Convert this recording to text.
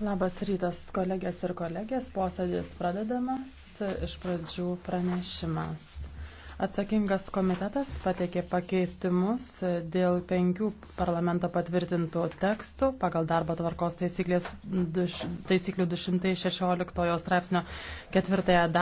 Labas rytas, kolegės ir kolegės. Posėdis pradedamas. Iš pradžių pranešimas. Atsakingas komitetas pateikė pakeistimus dėl penkių parlamento patvirtintų tekstų pagal darbo tvarkos taisyklių 216 straipsnio ketvirtąją dalį.